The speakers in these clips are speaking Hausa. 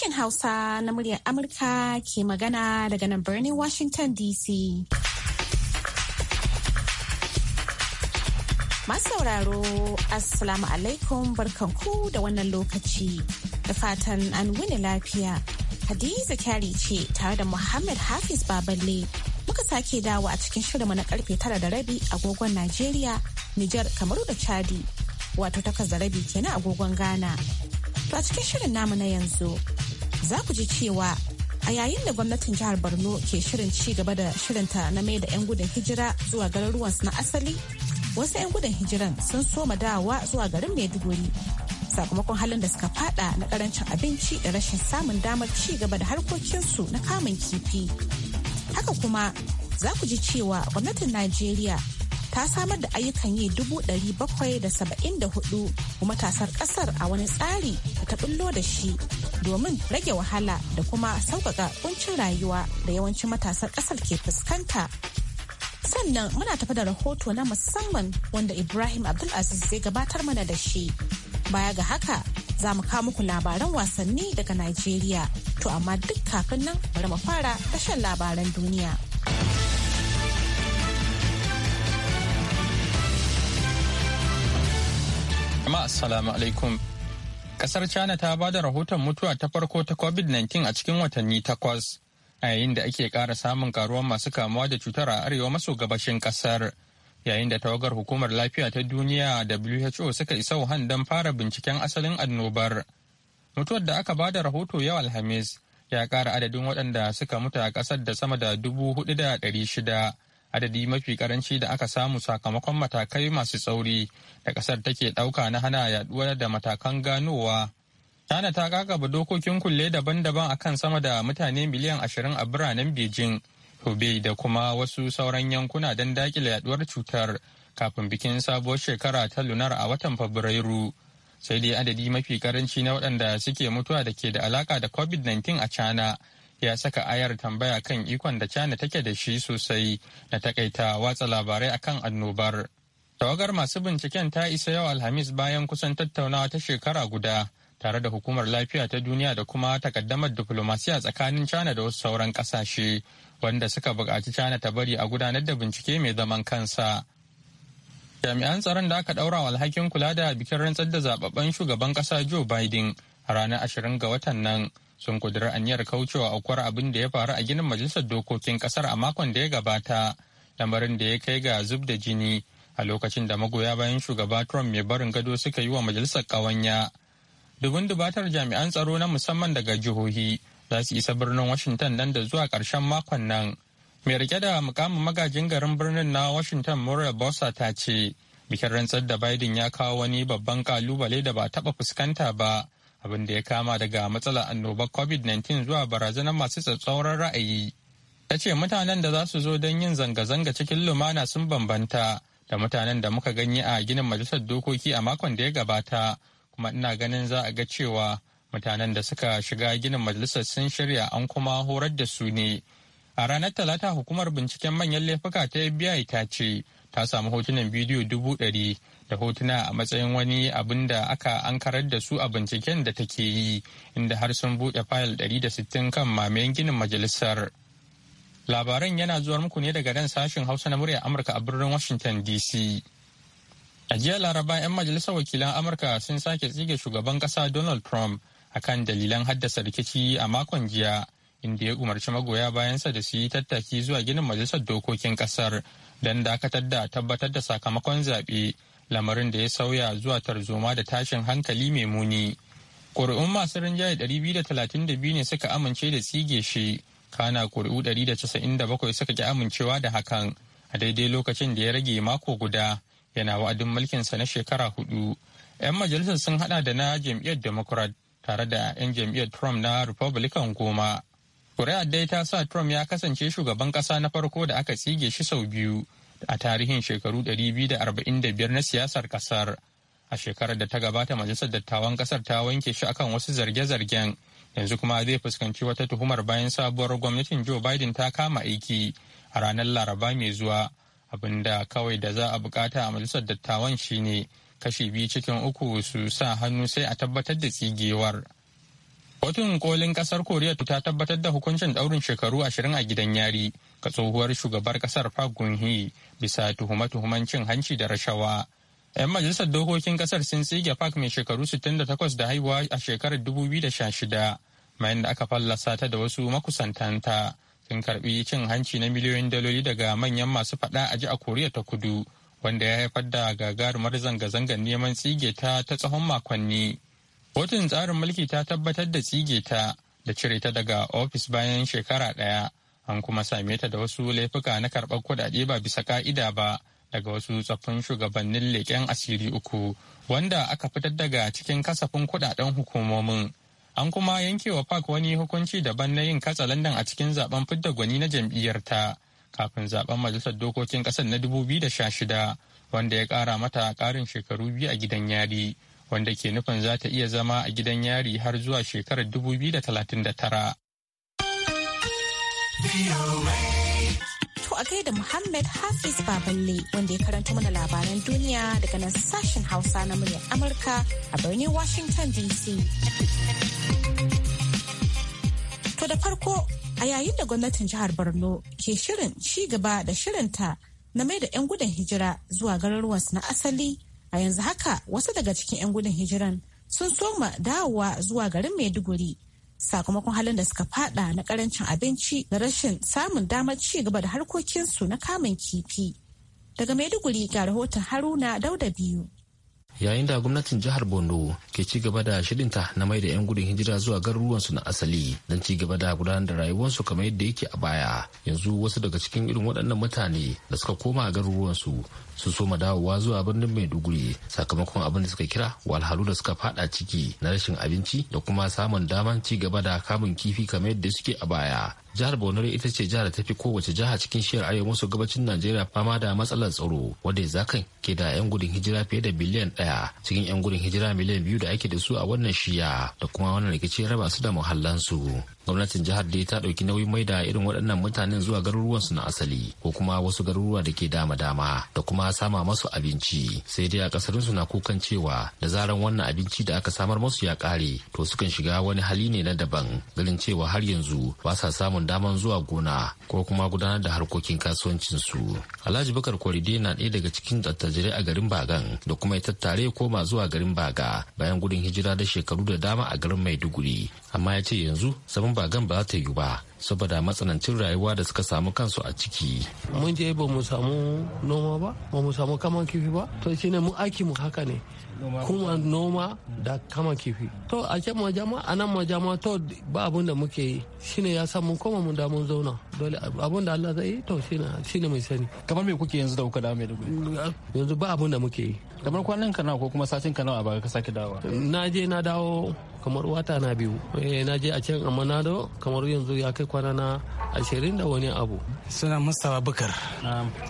Sashen Hausa na muryar Amurka ke magana daga nan birnin Washington DC. Masu sauraro, Assalamu alaikum barkanku da wannan lokaci. Da fatan an wuni lafiya. Hadiza Kyari ce tare da Muhammad Hafiz Baballe. Muka sake dawo a cikin shirinmu na karfe tara da rabi agogon Najeriya, Nijar, Kamaru da Chadi. Wato takas da rabi kenan agogon Ghana. To a cikin shirin namu na yanzu za ku ji cewa a yayin da gwamnatin jihar borno ke shirin ci gaba da shirinta na mai da 'yan gudun hijira zuwa ruwansu na asali wasu 'yan gudun hijiran sun soma dawa zuwa garin maiduguri sakamakon halin da suka fada na karancin abinci da rashin samun damar ci gaba da harkokinsu na kamun kifi haka kuma za ku ji cewa gwamnatin najeriya ta samar da ayyukan yi dubu ɗari bakwai da saba'in da hudu ku matasar ƙasar a wani tsari da ta bullo da shi domin rage wahala da kuma sauƙaƙa kuncin rayuwa da yawancin matasar ƙasar ke fuskanta. Sannan muna tafi da rahoto na musamman wanda Ibrahim Abdulaziz zai gabatar mana da shi. Baya ga haka za mu kawo muku labaran wasanni daga Najeriya. To amma duk kafin nan bari mu fara tashar labaran duniya. Jama'a assalamu alaikum. Kasar China ta ba da rahoton mutuwa ta farko ta COVID-19 a cikin watanni takwas, a yayin da ake ƙara samun karuwar masu kamuwa da cutar a arewa maso gabashin kasar. Yayin da tawagar hukumar lafiya ta duniya WHO suka isa Wuhan don fara binciken asalin annobar. Mutuwar da aka ba da rahoto yau Alhamis ya kara adadin waɗanda suka mutu a ƙasar da sama da dubu hudu da ɗari shida. adadi mafi karanci da aka samu sakamakon matakai masu tsauri da kasar take ɗauka na hana yaduwar da matakan ganowa. China ta kakaba dokokin kulle daban-daban akan sama da mutane miliyan ashirin a biranen Beijing, Hubei da kuma wasu sauran yankuna don dakile yaduwar cutar kafin bikin sabuwar shekara ta lunar a watan Fabrairu. Sai dai adadi mafi karanci na waɗanda suke mutuwa da ke da alaka da COVID-19 a China ya saka ayar tambaya kan ikon da China take da shi sosai na takaita watsa labarai akan annobar. Tawagar masu binciken ta isa yau Alhamis bayan kusan tattaunawa ta shekara guda tare da hukumar lafiya ta duniya da kuma takaddamar diplomasiya tsakanin China da wasu sauran kasashe wanda suka bukaci China ta bari a gudanar da bincike mai zaman kansa. Jami'an tsaron da aka ɗaura wa alhakin kula da bikin rantsar da zababben shugaban ƙasa Joe Biden a ranar ashirin ga watan nan sun kudurar aniyar kaucewa aukuwar abin da ya faru a ginin majalisar dokokin kasar a makon da ya gabata lamarin da ya kai ga zub da jini a lokacin da magoya bayan shugaba trump mai barin gado suka yi wa majalisar ƙawanya dubin dubatar jami'an tsaro na musamman daga jihohi za su isa birnin washington nan da zuwa ƙarshen makon nan mai rike da mukamin magajin garin birnin na washington murray bosa ta ce bikin rantsar da biden ya kawo wani babban kalubale da ba taɓa fuskanta ba abin da ya kama daga matsalar annobar covid-19 zuwa barazanar masu tsatsauran ra'ayi ta ce mutanen da za su zo don yin zanga-zanga cikin lumana sun bambanta da mutanen da muka ganyi a ginin majalisar dokoki a makon da ya gabata kuma ina ganin za a ga cewa mutanen da suka shiga ginin majalisar sun shirya an kuma horar da su ne a ranar talata hukumar binciken manyan laifuka ta fbi ta ce ta samu hotunan bidiyo dubu ɗari da hotuna a matsayin wani abin da aka ankarar da su a binciken da take yi inda har sun buɗe fayil ɗari da sittin kan mamayen ginin majalisar labaran yana zuwar muku ne daga nan sashen hausa na murya amurka a birnin washington dc a jiya laraba 'yan majalisar wakilan amurka sun sake tsige shugaban kasa donald trump akan dalilan haddasa rikici a makon jiya inda ya umarci magoya bayansa da su yi tattaki zuwa ginin majalisar dokokin kasar don dakatar da tabbatar da sakamakon zaɓe lamarin da ya sauya zuwa tarzoma da tashin hankali mai muni. Ƙuri'un masu rinjaye 232 ne suka amince da tsige shi, kana ƙuri'u 197 suka ki amincewa da hakan a daidai lokacin da ya rage mako guda yana wa'adin mulkinsa na shekara hudu. 'Yan majalisar sun hada da na jam'iyyar Democrat tare da 'yan jam'iyyar Trump na Republican goma. Kuri'ar dai ta sa Trump ya kasance shugaban ƙasa na farko da aka tsige shi sau biyu a tarihin shekaru 245 na siyasar ƙasar. A shekarar da ta gabata majalisar dattawan ƙasar ta wanke shi akan wasu zarge-zargen yanzu kuma zai fuskanci wata tuhumar bayan sabuwar gwamnatin Joe Biden ta kama aiki a ranar Laraba mai zuwa. abinda kawai da za a bukata a majalisar dattawan shine kashi biyu cikin uku su sa hannu sai a tabbatar da tsigewar. Kotun kolin kasar Koriya ta tabbatar da hukuncin daurin shekaru ashirin a gidan yari ga tsohuwar shugabar kasar Park geun bisa tuhuma tuhuman cin hanci da rashawa. 'Yan majalisar dokokin kasar sun tsige Park mai shekaru 68 da haihuwa a shekarar 2016 bayan da aka fallasa ta da wasu makusantanta sun karbi cin hanci na miliyoyin daloli daga manyan masu faɗa ji a Koriya ta kudu wanda ya haifar da gagarumar zanga-zangar neman tsige ta ta tsawon makonni. kotun tsarin mulki ta tabbatar da tsige ta da cire ta daga ofis bayan shekara ɗaya an kuma same ta da wasu laifuka na karɓar kuɗaɗe ba bisa ka'ida ba daga wasu tsaffin shugabannin leƙen asiri uku wanda aka fitar daga cikin kasafin kuɗaɗen hukumomin an kuma yankewa park wani hukunci daban na yin katsa london a cikin zaben fidda gwani na jam'iyyar kafin zaben majalisar dokokin ƙasar na dubu da sha shida wanda ya ƙara mata ƙarin shekaru biyu a gidan yari. wanda ke nufin za ta iya zama a gidan yari har zuwa shekarar 2039. To a gaida Muhammad Hafiz Baballe wanda ya karanta mana labaran duniya daga nan sashen Hausa na muryar Amurka a birnin Washington DC. To da farko a yayin da gwamnatin jihar Borno ke shirin ci gaba da shirinta na mai da 'yan gudun hijira zuwa garuruwansu na asali A yanzu haka wasu daga cikin 'yan gudun hijiran sun soma dawowa zuwa garin Maiduguri sakamakon halin da suka fada na karancin abinci da rashin samun damar ci gaba da harkokinsu na kamun kifi. Daga Maiduguri ga rahoton Haruna Dauda biyu. yayin da gwamnatin jihar bondo ke ci gaba da shirinta na mai da 'yan gudun hijira zuwa garuruwansu na asali don ci gaba da gudanar da rayuwarsu kamar yadda yake a baya yanzu wasu daga cikin irin waɗannan mutane da suka koma garuruwansu su soma dawowa zuwa birnin maiduguri sakamakon abin da suka kira walhalu da suka fada ciki na rashin abinci da kuma samun daman ci gaba da kamun kifi kamar yadda suke a baya jihar borno ita ce jihar ta fi kowace jiha cikin shiyar arewa maso gabacin najeriya fama da matsalar tsaro wadda zakan ke da yan gudun hijira fiye da biliyan daya cikin yan gudun hijira miliyan biyu da ake da su a wannan shiya da kuma wannan rikici raba su da muhallansu gwamnatin jihar dai ta ɗauki nauyin mai da irin waɗannan mutanen zuwa garuruwansu na asali ko kuma wasu garuruwa da ke dama-dama da kuma sama masu abinci sai dai a ƙasarinsu na kukan cewa da zaran wannan abinci da aka samar masu ya kare to sukan shiga wani hali ne na daban ganin cewa har yanzu ba sa samun daman zuwa gona ko kuma gudanar da harkokin kasuwancinsu alhaji bakar kwaride na ɗaya daga cikin tattajirai a garin bagan da kuma ya tattare koma zuwa garin baga bayan gudun hijira da shekaru da dama a garin maiduguri amma ya ce yanzu sabon gan ba za ta yiwu ba saboda matsanancin rayuwa da suka samu kansu a ciki. Mun je ba mu samu noma ba, ba mu samu kaman kifi ba, to shi ne mu aiki mu haka ne. Kuma noma da kama kifi. To a can jama'a a nan jama'a to ba abun da muke yi shi ne ya sa mun koma mun da mun zauna. Dole abun da Allah zai yi to shi ne mai sani. Kamar me kuke yanzu da kuka da mai da Yanzu ba abun da muke yi. kamar kwanan ka nawa ko kuma satin ka nawa ba ka sake dawowa na je na dawo kamar wata na biyu eh, na je a can amma na do kamar yanzu ya kai kwana na ashirin da wani abu suna mustawa bukar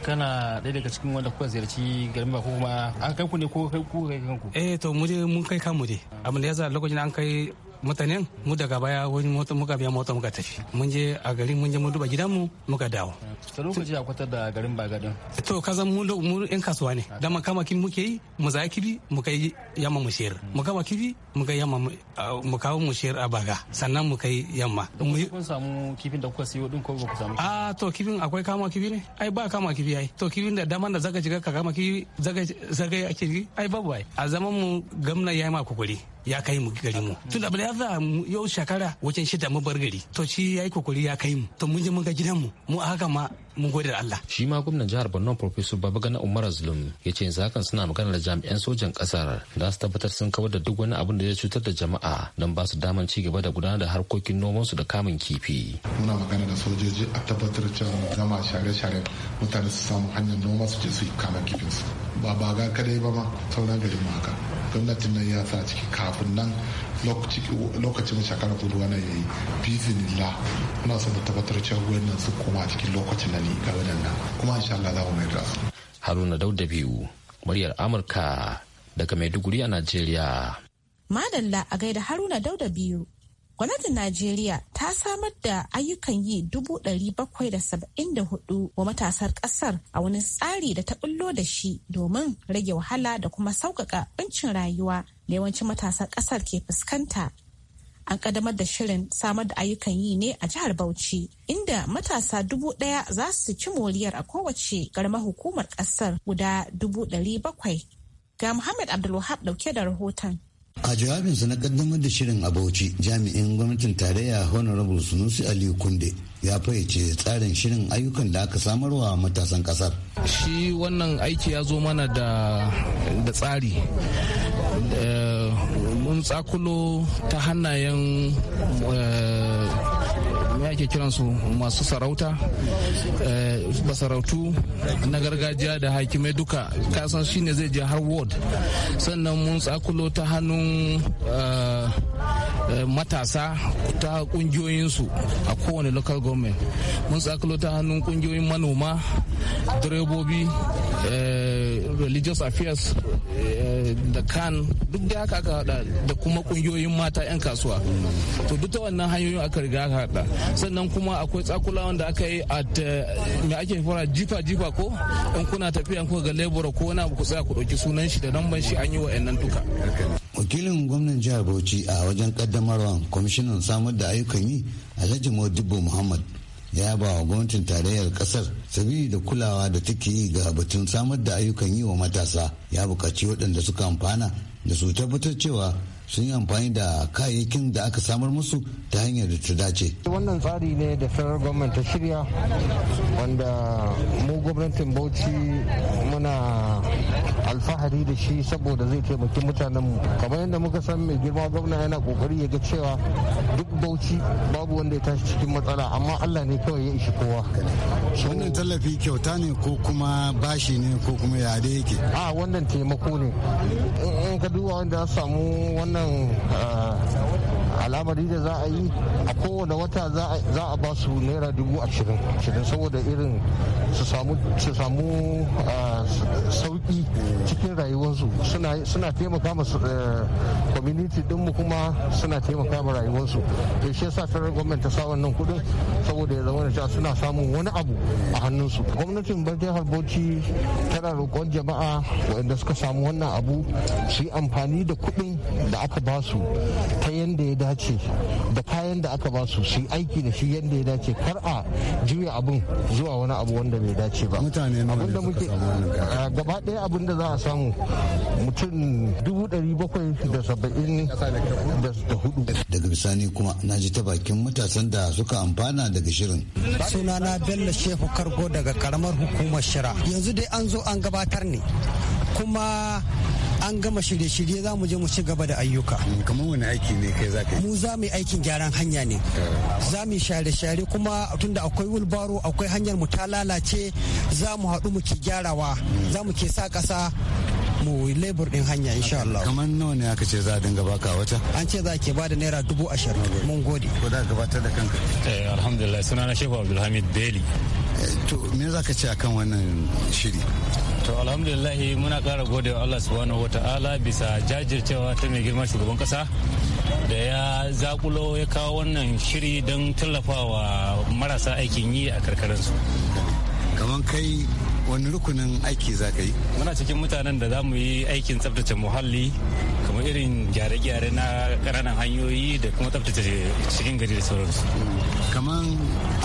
kana ɗaya daga cikin wanda kuka ziyarci garin ko kuma an kai ku ne ko kai ku kai kanku eh to mu je mun kai kanmu je amma da yasa lokacin an kai mutanen mu daga baya wani mota muka biya mota muka tafi mun je a garin mun je mu duba gidanmu muka dawo ta lokaci a kwatar da garin bagadin to ka mu mu in kasuwa ne da makama kifi muke yi mu zakiri mu kai yamma mu shiyar mu kama kifi mu kai yamma mu kawo mu shiyar a baga sannan mu kai yamma kun samu kifin da kuka siyo din ko ba ku samu ah to kifin akwai kama kifi ne ai ba kama kifi ai to kifin da dama da zaka shiga ka kama kifi zaka zaka ake ai babu ai a zaman mu gamna yayi ma kukuri ya kai mu gari mu tun da ya za yau shekara wajen shida mu bar gari to shi ya yi kokari ya kai mu to mun je mun ga gidan mu mu haka ma mun gode da Allah shi ma gwamnan jihar Borno Professor Babagana Umar Azlum ya ce yanzu hakan suna magana da jami'an sojan kasar da su tabbatar sun kawar da duk wani abin da zai cutar da jama'a don ba su daman ci gaba da gudanar da harkokin noman su da kamun kifi muna magana da sojoji a tabbatar cewa zama share-share mutane su samu hanyar noma su je su kamun kifin su ba ba ga kadai ba ma sauran gari mu haka gwamnatin nan ya sa ciki kafin nan lokacin shakarar kudu wani ya yi bizinillah kuma son da tabbatar cewa nan su koma cikin lokacin nan ga wannan nan kuma insha Allah za mu mai da su Haruna Dauda biyu muryar Amurka daga Maiduguri a Najeriya Madalla a gaida Haruna Dauda biyu gwamnatin najeriya ta samar da ayyukan yi dubu ɗari bakwai da saba'in da hudu wa matasar ƙasar a wani tsari da ta ɓullo da shi domin rage wahala da kuma sauƙaƙa ɓincin rayuwa da yawancin matasan ƙasar ke fuskanta an ƙaddamar da shirin samar da ayyukan yi ne a jihar bauchi inda matasa dubu ɗaya za su ci moriyar a kowace garmar hukumar ƙasar guda dubu ɗari bakwai ga muhammad abdulwahab ɗauke da rahoton a jawabinsa na kaddamar da shirin a bauchi jami'in gwamnatin tarayya honorable sunusi aliyu kunde ya fahimci tsarin shirin ayyukan da aka samarwa matasan kasar shi wannan aiki ya zo mana da tsari eh, mun tsakulo ta hannayen eh, me ake kiransu masu sarauta basarautu eh, na gargajiya da hakimai duka kasan shine zai je har ward sannan mun tsakulo ta hannun eh, eh, matasa ta kungiyoyinsu a kowane local government mun tsakulo ta hannun kungiyoyin manoma direbobi religious affairs eh, da kan duk da haka aka hada da kuma kungiyoyin mata 'yan kasuwa to duk ta wannan hanyoyin aka riga aka hada sannan kuma akwai tsakulawan da aka yi a eh, me ake fara jifa jifa ko in kuna tafiya kuka ga labor ko wani abu ku tsaya ku dauki sunan shi da namban shi an yi wa'annan duka wakilin gwamnan jihar bauchi a wajen kaddamarwa kwamishinan samar da ayyukan yi alhaji modibo muhammad ya ba wa gwamnatin tarayyar kasar sabili da kulawa da take yi ga batun samar da ayyukan yi wa matasa ya bukaci waɗanda suka amfana da su tabbatar cewa sun yi amfani da kayayyakin da aka samar musu ta hanyar da ta dace. wannan tsari ne da federal government ta shirya wanda mu gwamnatin bauchi muna alfahari da shi saboda zai taimaki mutanen mu. kamar yadda muka san mai girma gwamna yana kokari ya ga cewa duk bauchi babu wanda ya tashi cikin matsala amma allah ne kawai ya ishi kowa wannan tallafi kyauta ne ko kuma bashi ne ko kuma ya da yake a wannan taimako ne in ka duba wanda ya samu wannan eh, al'amari da za a yi a kowane wata za a ba su naira dubu ashirin saboda irin su samu eh, sauki cikin rayuwarsu suna taimaka masu eh, community dinmu kuma suna taimaka ma rayuwarsu to shi yasa federal government ta sa wannan kudin saboda ya zama da suna samun wani abu a hannunsu gwamnatin jihar bauchi tana roƙon jama'a waɗanda suka samu wannan abu su yi amfani da kudin da aka ba su ta yadda ya dace da kayan da aka ba su su aiki da shi yadda ya dace kar a juya abun zuwa wani abu wanda bai dace ba mutane nawa muke gaba ɗaya abin da za a samu mutum dubu ɗari bakwai da saba'in da hudu daga bisani kuma na ji ta bakin matasan da suka amfana daga shirin sunana bello shehu kargo daga karamar hukumar shira yanzu dai an zo an gabatar ne kuma an gama shirye-shirye za mu je mu ci gaba da ayyuka kamar wani aiki ne kai za ka yi mu za mu yi aikin gyaran hanya ne za mu share-share kuma tunda akwai wilbaro akwai hanyar mu ta lalace za mu haɗu mu ke gyarawa za mu ke sa ƙasa mu lebur din hanya insha Allah. Kamar nawa ne aka ce za a dinga baka wata? An ce za ke bada naira dubu ashirin. Mun gode. Ko da gabatar da kanka? Eh alhamdulillah sunana Shehu Abdulhamid Beli. to me za ka ce kan wannan shiri to alhamdulillahi muna kara gode wa Allah subhanahu wataala bisa jajircewa ta mai girma shugaban kasa da ya zakulo ya kawo wannan shiri don tallafawa marasa aikin yi a karkarinsu kamar kai wani rukunin aiki za ka yi muna cikin mutanen da za mu yi aikin tsaftace muhalli kamar irin gyare-gyare na ƙananan hanyoyi da kuma tsaftace cikin gari da sauransu kamar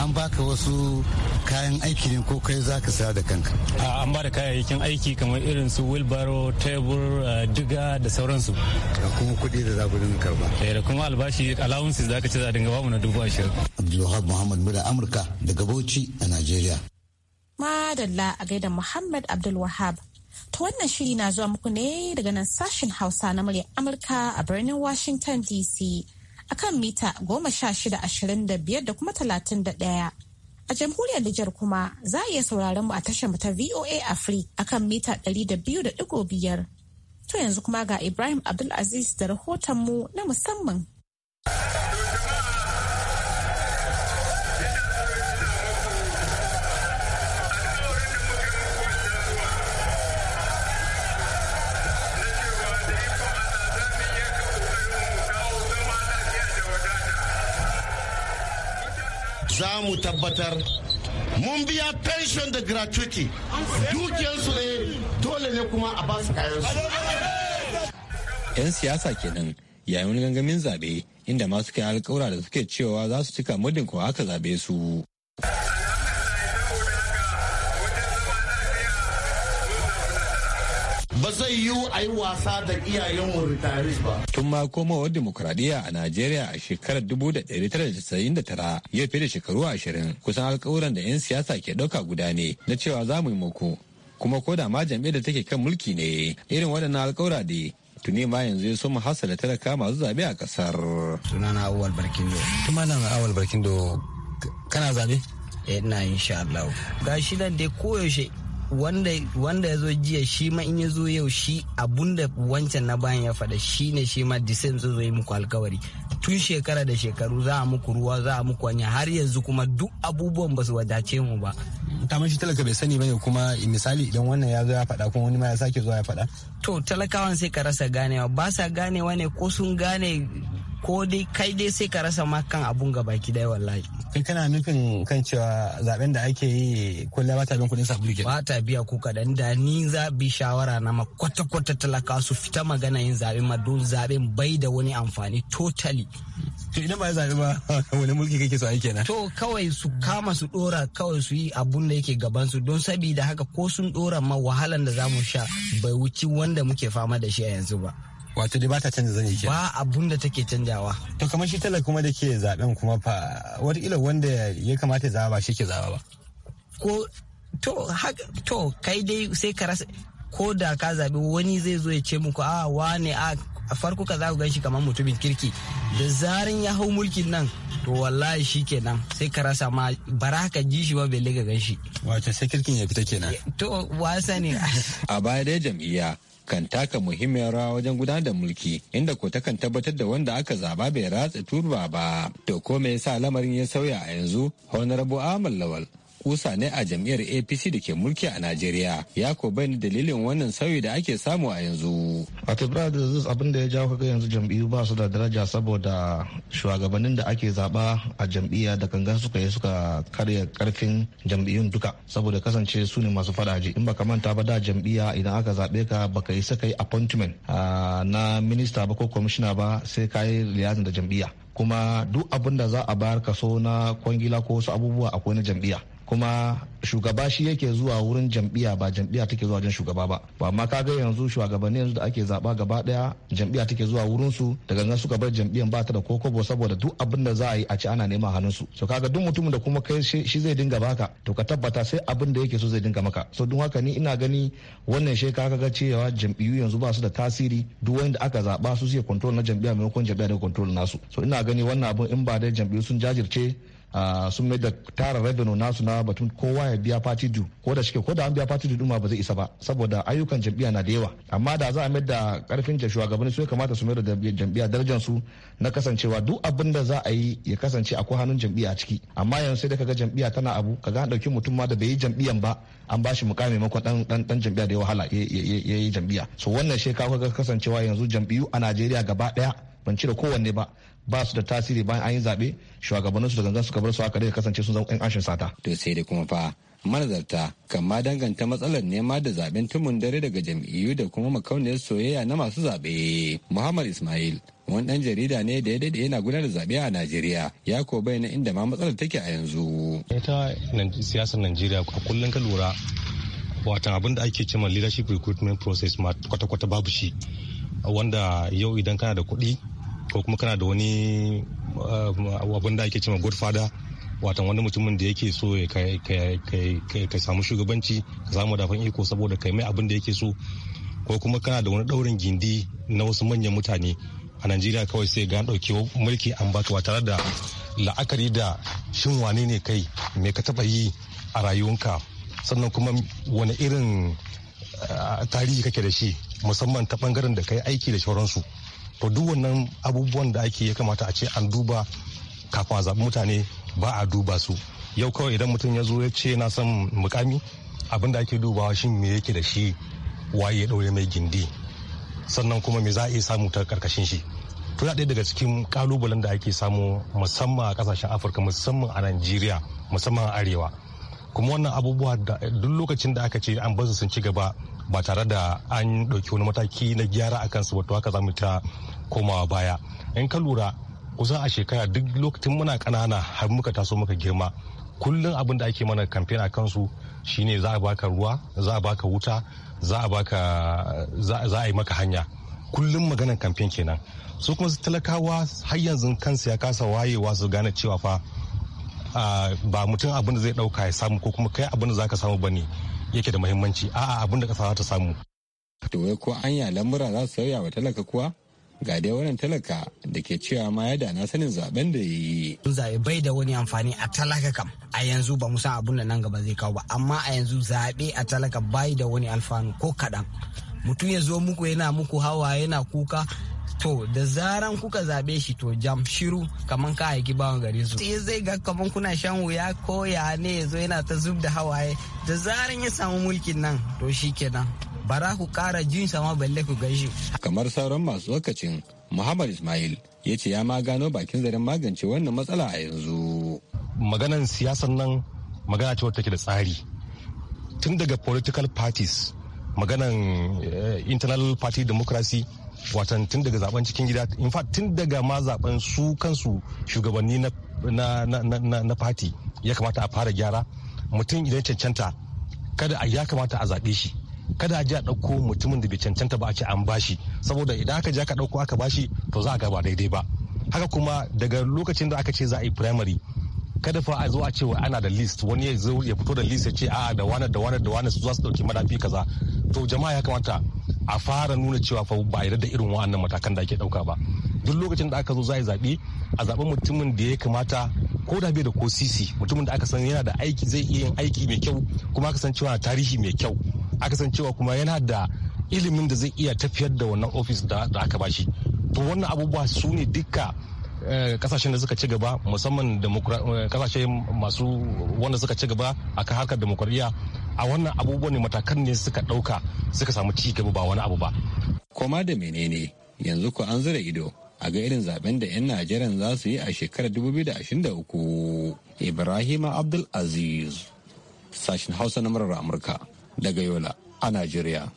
an baka wasu kayan aiki ne ko kai za ka saya da kanka an ba da kayayyakin aiki kamar irin su wilbaro tebur diga da sauransu da kuma kuɗi da za ku dinga karba eh, da kuma albashi allowances za ka ci za dinga mu na dubu ashirin abdulwahab muhammad mura amurka daga bauchi a najeriya Madalla a gaida Muhammad Abdul Wahab. Ta wannan shiri na zuwa muku ne daga nan sashen Hausa na murya Amurka a birnin Washington DC akan mita goma sha shida ashirin da biyar da kuma talatin da ɗaya. A jamhuriyar Nijar kuma za a iya sauraron mu a tashar mu ta VOA Africa akan mita ɗari da biyu da ɗigo biyar. To yanzu kuma ga Ibrahim Abdulaziz da rahoton mu na musamman. mu tabbatar mun biya pension da gratuity dukiyarsu ne dole ne kuma a basu kayansu. 'yan siyasa kenan yayin gangamin zabe inda masu kai alkawura da suke cewa za su cika muddin ko aka zabe su. ba zai yiwu a yi wasa da iyayen retirees ba. Tun ma komawar demokuraɗiyya a Najeriya a shekarar 1999 ya fi da shekaru 20 kusan alƙawuran da 'yan siyasa ke ɗauka guda ne na cewa za mu yi muku. Kuma ko da ma jam'iyyar da take kan mulki ne irin waɗannan alƙawura da tuni ma yanzu ya so mu hasala talaka masu zaɓe a ƙasar. Sunana Awal Barkindo. Tumanan Awal Barkindo kana zaɓe? Eh, ina insha Allah. Ga shi nan dai koyaushe wanda ya zo jiya shi ma in ya zo yau shi abunda wancan na bayan ya faɗa shi ne shi ma disem zo yi muku alkawari tun shekara da shekaru za a muku ruwa za a muku hanya har yanzu kuma duk abubuwan ba su wadace mu ba kamar shi talaka bai sani bane kuma misali idan wannan ya zo ya faɗa kuma wani ma ya sake zuwa ya faɗa to talakawan sai ka rasa ganewa ba sa ganewa ne ko sun gane ko dai kai dai sai ka rasa ma kan abun ga baki dai wallahi kai kana nufin kan cewa zaben da ake yi kulla ba ta biyan kudin sabulu ba ta biya ko kadan da ni za bi shawara na ma kwata kwata talaka su fita magana yin zabe ma don zaben bai da wani amfani totally to idan ba zabe ba wani mulki kake so aiki kenan to kawai su kama su dora kawai su yi abun da yake gaban su don sabida haka ko sun dora ma wahalan da zamu sha bai wuci wanda muke fama da shi a yanzu ba wato dai ba ta canza zane ke ba abun da take canjawa to kamar shi tala kuma da ke zaben kuma fa ila wanda ya kamata ya zaba ba shi ke zaba ba ko to to kai dai sai ka rasa ko da ka zabi wani zai zo ya ce muku a ah, wane a ah, a farko ka za ku gan shi kamar mutumin kirki da zarin ya hau mulkin nan to wallahi shi kenan sai ka rasa ma bara ka ji shi ba bai ka gan shi wato sai kirkin ya fita kenan to wasa ne a baya dai jam'iyya kan taka muhimmiyar rawa wajen gudanar da mulki inda ko takan tabbatar da wanda aka zaba bai ratsa turba ba to ko me yasa lamarin ya sauya a yanzu honorable amal lawal kusa ne a jam'iyyar apc da ke mulki a najeriya ya ko ni dalilin wannan sauyi da ake samu a yanzu wato brothers abin da ya jawo kaga yanzu jam'iyyu ba su da daraja saboda shugabannin da ake zaba a jam'iyya da gangan suka yi suka karya karfin jam'iyyun duka saboda kasance su ne masu fadaji in baka manta ba da jam'iyya idan aka zabe ka baka yi sakai appointment ah, na minista ba ko kwamishina ba sai ka yi liyazin da jam'iyya kuma duk abin za a bayar kaso na kwangila ko wasu abubuwa akwai na jam'iyya kuma shugaba shi yake zuwa wurin jam'iyya ba jam'iyya take zuwa wajen shugaba ba ba amma kaga yanzu shugabanni yanzu da ake zaba gaba daya jam'iyya take zuwa wurin su daga nan suka bar jam'iyyan ba ta da kokobo saboda duk abin da za a yi a ci ana neman hannun su so kaga duk mutumin da kuma kai shi zai dinga baka to ka tabbata sai abin da yake so zai dinga maka so don haka ni ina gani wannan shi kaga ga cewa jam'iyyu yanzu ba su da tasiri duk wanda aka zaba su suke control na jam'iyya maimakon jam'iyya da control nasu so ina gani wannan abin in ba dai jam'iyyu sun jajirce sun mai da tara revenue nasu na batun kowa ya biya fati du. ko da shike ko da an biya fati du ba zai isa ba saboda ayyukan jam'iyya na da yawa amma da za a mai da karfin da shugabanni su ya kamata su mai da jam'iyya darajar su na kasancewa duk abin da za a yi ya kasance akwai hannun jam'iyya a ciki amma yanzu sai da kaga jam'iyya tana abu kaga an dauki mutum ma da bai yi jam'iyyan ba an ba shi mukami maimakon dan dan dan jam'iyya da ya wahala ya yi jam'iyya so wannan shekaru kaga kasancewa yanzu jam'iyyu a Najeriya gaba daya ban cire kowanne ba ba su da tasiri bayan an yi zaɓe shugabannin su da gangan suka bar su aka dai kasance sun zama 'yan ashin sata. To sai dai kuma fa manazarta kan ma danganta matsalar nema da zaben tumun dare daga jam'iyyu da kuma makauniyar soyayya na masu zaɓe. Muhammad Ismail wani ɗan jarida ne da ya daɗe yana gudanar da zaɓe a Najeriya ya ko bayyana inda ma matsalar take a yanzu. Ita siyasar Najeriya a kullum ka lura watan abin da ake cewa leadership recruitment process ma kwata-kwata babu shi wanda yau idan kana da kuɗi ko kuma kana da wani eh, abin da ake cewa godfather watan wani mutumin da yake so ka samu shugabanci ka samu dafan iko saboda kai mai abin da yake so ko kuma kana da wani daurin gindi na wasu manyan mutane a najeriya kawai sai ga ɗauki mulki an baka tare da la'akari da shin wane ne kai me ka taba yi a rayuwanka sannan kuma wani irin eh, tarihi kake da shi musamman ta bangaren da kai aiki da sauransu to duk wannan abubuwan da ake ya kamata a ce an duba kafin a zaɓi mutane ba a duba su yau kawai idan mutum ya zo ya ce na san mukami abin da ake dubawa shin me yake da shi waye ya ɗaure mai gindi sannan kuma me za a iya samu ta karkashin shi to ɗaya daga cikin kalubalen da ake samu musamman a kasashen afirka musamman a najeriya musamman a arewa kuma wannan abubuwa duk lokacin da aka ce an basu sun ci gaba ba tare da an ɗauki wani mataki na gyara a kansu wato haka za ta komawa baya in ka lura kusan a shekara duk lokacin muna kanana har muka taso muka girma kullum abin da ake mana kamfen a kansu shine za a baka ruwa za a baka wuta za a baka za a yi maka hanya kullum maganar kamfen kenan su kuma su talakawa har yanzu kansu ya kasa wayewa su gane cewa fa ba mutum abin da zai dauka ya samu ko kuma kai abin da zaka samu bane yake da muhimmanci a'a abin da kasa za ta samu to wai ko anya lamura za su sauya wa talaka kuwa ga dai wannan talaka da ke cewa ma ya dana sanin zaben da ya yi. Zabe bai da wani amfani a talaka kam a yanzu ba mu san abun da nan gaba zai kawo ba amma a yanzu zabe a talaka bai da wani alfanu ko kaɗan. Mutum ya zo muku yana muku hawa yana kuka to da zaran kuka zaɓe shi to jam shiru kaman ka haiki bawan gare su ya zai ga kaman kuna shan wuya ko ya ne ya zo yana ta zub da hawaye da zaran ya samu mulkin nan to shi kenan bara ku kara jin sama balle ku gaishe kamar sauran masu lokacin muhammad ismail ya ce ya ma gano bakin zaren magance wannan matsala a yanzu maganan siyasan nan magana ce wata take da tsari tun daga political parties maganan eh, internal party democracy watan tun daga zaben cikin gida in fact tun daga ma zaben su kansu shugabanni na na na na party ya kamata a fara gyara mutum idan cancanta kada a ya kamata a zaɓe shi kada a ji a ɗauko mutumin da bai cancanta ba a ce an bashi saboda idan aka ji aka ɗauko aka bashi to za a ga ba daidai ba haka kuma daga lokacin da aka ce za a yi primary kada fa a zo a ce ana da list wani ya zo ya fito da list ya ce a da wani da wani da wani su za su dauki madafi kaza to jama'a ya kamata a fara nuna cewa fa ba yarda da irin wa'annan matakan da ake dauka ba duk lokacin da aka zo za a zabi a zabi mutumin da ya kamata ko da bai da ko sisi mutumin da aka san yana da aiki zai iya yin aiki mai kyau kuma aka san cewa tarihi mai kyau aka san cewa kuma yana da ilimin da zai iya tafiyar da wannan ofis da aka bashi to wannan abubuwa su ne dukka Eh, kasashen da suka ci gaba musamman eh, kasashe masu wanda suka ci gaba kan harkar demokuraɗiyya a wannan abubuwan ne matakan ne suka ɗauka suka samu ci gaba ba wani abu ba. Koma da menene yanzu ko an zura ido a ga irin zaben da 'yan Najeriya za su yi a shekarar 2023. ibrahima Abdul Aziz, sashen Hausa na murar Amurka daga Yola a Najeriya.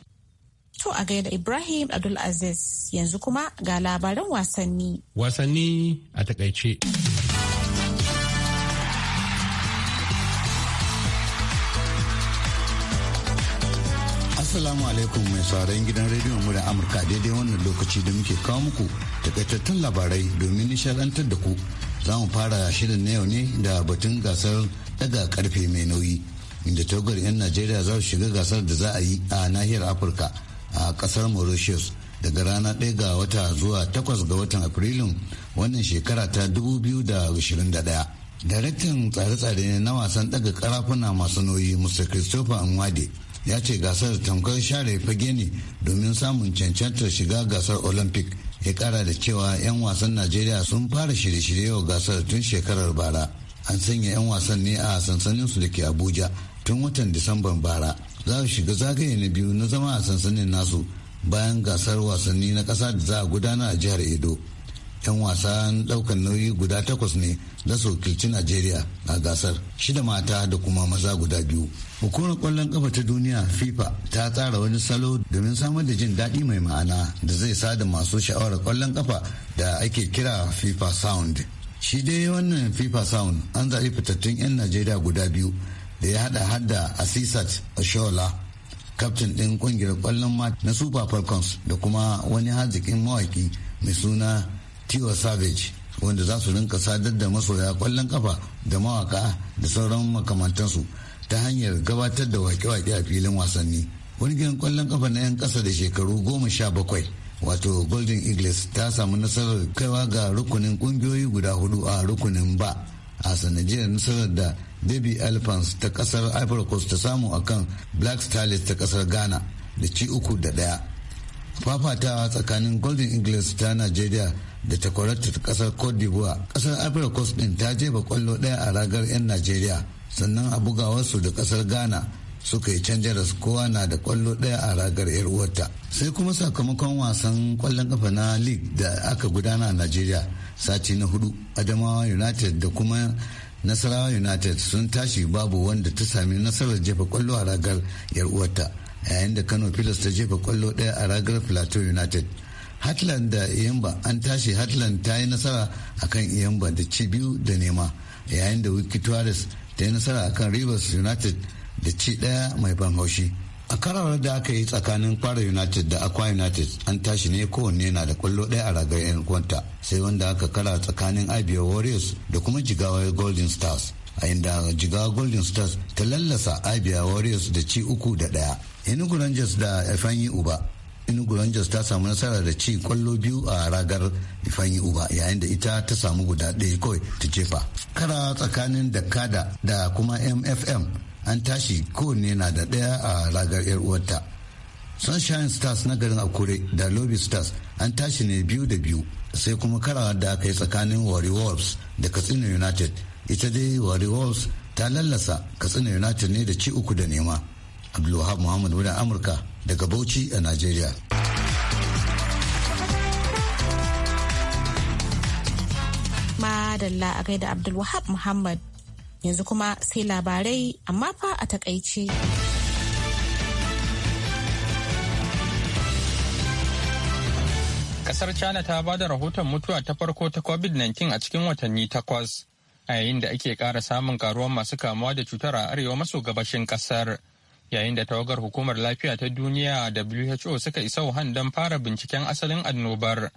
To a gaida Ibrahim Aziz yanzu kuma ga labaran wasanni. Wasanni a takaice. asalamu alaikum mai sauraron gidan rediyon murin Amurka daidai wannan lokaci da muke kawo muku takaitattun labarai domin nishadantar da ku. Za mu fara shirin na yau ne da batun gasar daga karfe mai nauyi inda tawagar 'yan Najeriya za su shiga gasar da za a yi a nahiyar Afirka. a kasar mauritius daga rana ɗaya ga wata zuwa takwas ga watan afrilun wannan shekara ta 2021 daraktan tsare-tsare na wasan daga karafuna masu nauyi mr christopher nwade ya ce gasar tamkar share fage ne domin samun cancantar shiga gasar olympic ya kara da cewa 'yan wasan najeriya sun fara shirye-shirye wa gasar tun shekarar bara an sanya 'yan wasan ne a sansaninsu da ke abuja tun watan disamban bara za su shiga zagaye na biyu na zama a sansanin nasu bayan gasar wasanni na ƙasa da za a gudana a jihar edo 'yan wasan ɗaukan nauyi guda takwas ne na su wakilci najeriya a gasar shida mata da kuma maza guda biyu hukumar kwallon kafa ta duniya fifa ta tsara wani salo domin samar da jin daɗi mai ma'ana da zai sada masu sha'awar kwallon kafa da ake kira fifa sound shi dai wannan fifa sound an zaɓi fitattun 'yan najeriya guda biyu da ya hada hadda asisat shola kaftin ɗin ƙungiyar kwallon mat na super falcons da kuma wani hajjikin mawaki mai suna tiwa savage wanda za su rinka sadar da masoya kwallon kafa da mawaka da sauran makamantansu ta hanyar gabatar da wake-wake a filin wasanni wani gidan ƙwallon kafa na 'yan ƙasa da shekaru goma sha bakwai wato golden eagles ta samu nasarar kaiwa ga rukunin ƙungiyoyi guda hudu a rukunin ba a sanadiyar nasarar da debbie elephants ta kasar ivory coast ta samu a kan black stars ta kasar ghana da ci uku da daya fafatawa tsakanin golden eagles ta nigeria da takwarar ta kasar cote d'ivoire kasar ivory coast din ta jefa kwallo daya a ragar 'yan nigeria sannan a bugawarsu da kasar ghana suka yi canja da kowa na da kwallo daya a ragar 'yar uwarta sai kuma sakamakon wasan kwallon kafa na league da aka gudana a nigeria sati na hudu adamawa united da kuma nasarawa united sun tashi babu wanda ta sami nasarar jefa kwallo a ragar yar uwarta yayin da kano pilas ta jefa kwallo daya a ragar plateau united hatland da iyamba an tashi hatland ta yi nasara akan iyamba da ci biyu da nema yayin da wiki ta yi nasara akan rivers united da ci daya mai ban haushi a karawar da aka yi tsakanin kwara united da akwa united an tashi ne kowanne na da kwallo ɗaya a ragar yan kwanta sai wanda aka kara tsakanin abia warriors da kuma jigawa golden stars a inda jigawa golden stars ta lallasa abia warriors da ci uku da ɗaya inugu rangers da Ifanyi uba inugu rangers ta samu nasara da ci kwallo biyu a ragar ifanyi uba yayin da ita ta samu guda ɗaya kawai ta jefa kara tsakanin dakada da kuma mfm an tashi kowanne na da ɗaya a ragar 'yar uwarta sunshine stars na garin akure da lobby stars an tashi ne biyu da biyu sai kuma karawar da aka yi tsakanin wari wolves da katsina united ita dai wari wolves ta lallasa katsina united ne da ci uku da nema abdulwahab muhammad wadda amurka daga bauchi a nigeria madalla a gaida abdulwahab muhammad Yanzu kuma sai labarai amma fa a takaice. Kasar China ta ba da rahoton mutuwa ta farko ta COVID-19 a cikin watanni takwas, a yayin da ake ƙara samun karuwar masu kamuwa da cutar a arewa maso gabashin kasar. Yayin da tawagar hukumar lafiya ta duniya WHO suka isa Wuhan don fara binciken asalin annobar.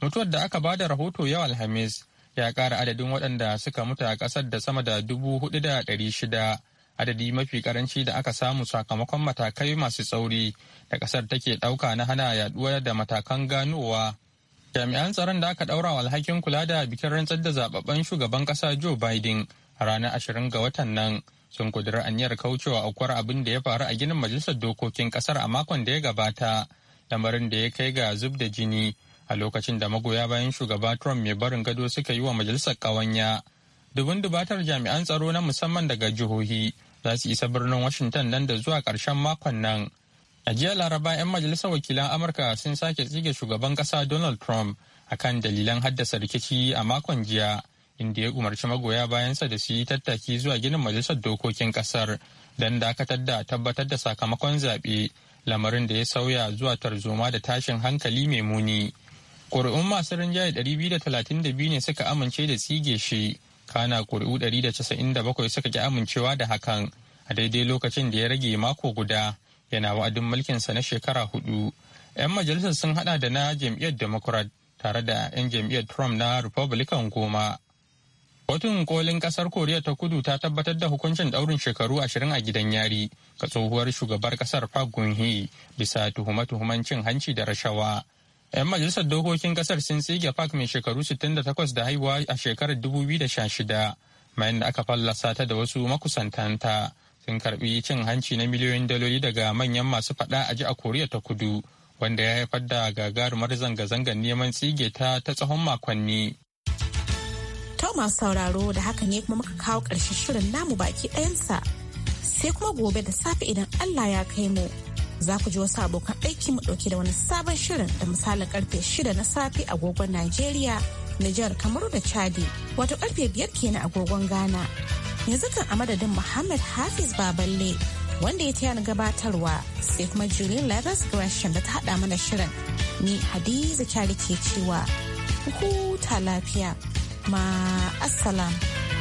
Mutuwar da aka ba da rahoto yau Alhamis ya ƙara adadin waɗanda suka mutu a ƙasar da sama da dubu hudu da ɗari shida adadi mafi karanci da aka samu sakamakon matakai masu tsauri da ƙasar take ɗauka na hana yaɗuwa da matakan ganowa jami'an tsaron da aka ɗaura wa alhakin kula da bikin rantsar da zababben shugaban ƙasa joe biden a ranar ashirin ga watan nan sun kudura aniyar kaucewa aukuwar abin da ya faru a ginin majalisar dokokin ƙasar a makon da ya gabata lamarin da ya kai ga zub da jini a lokacin da magoya bayan shugaba Trump mai barin gado suka yi wa majalisar ƙawanya. Dubun dubatar jami'an tsaro na musamman daga jihohi za su isa birnin Washington nan da zuwa ƙarshen makon nan. A jiya Laraba 'yan majalisar wakilan Amurka sun sake tsige shugaban ƙasa Donald Trump akan dalilan haddasa rikici a makon jiya inda ya umarci magoya bayansa da su yi tattaki zuwa ginin majalisar dokokin kasar don dakatar da tabbatar da sakamakon zaɓe lamarin da ya sauya zuwa tarzoma da tashin hankali mai muni. ƙuri'un masu rinjaye biyu ne suka amince da tsige shi kana ƙuri'u bakwai suka ki amincewa da hakan a daidai lokacin da ya rage mako guda yana wa'adin mulkinsa na shekara hudu 'yan majalisar sun haɗa da na jam'iyyar democrat tare da 'yan jam'iyyar trump na republican goma Kotun kolin ƙasar Koriya ta kudu ta tabbatar da hukuncin ɗaurin shekaru ashirin a gidan yari ga tsohuwar shugabar ƙasar Park geun bisa tuhuma-tuhuman cin hanci da rashawa 'Yan majalisar dokokin kasar sun tsige Park mai shekaru 68 da haihuwa a shekarar 2016 mayan da aka fallasa ta da wasu makusantanta sun karbi cin hanci na miliyoyin daloli daga manyan masu fada a ji a Koriya ta Kudu wanda ya haifar da gagarumar zanga-zangar neman tsige ta ta tsawon makonni. masu sauraro da haka ne kuma muka kawo ƙarshen shirin namu baki ɗayansa sai kuma gobe da safe idan Allah ya kai mu za ku ji wasu abokan aiki mu ɗauke da wani sabon shirin da misalin karfe shida na safe agogon Najeriya, Nijar, Kamaru da Chadi, wato karfe biyar kenan agogon Ghana. Yanzu kan a madadin Muhammad Hafiz Baballe wanda ya tayar gabatarwa sai kuma Julian Lagos Gresham da ta haɗa mana shirin. Ni Hadiza Kyari ke cewa, huta lafiya, ma'asalam.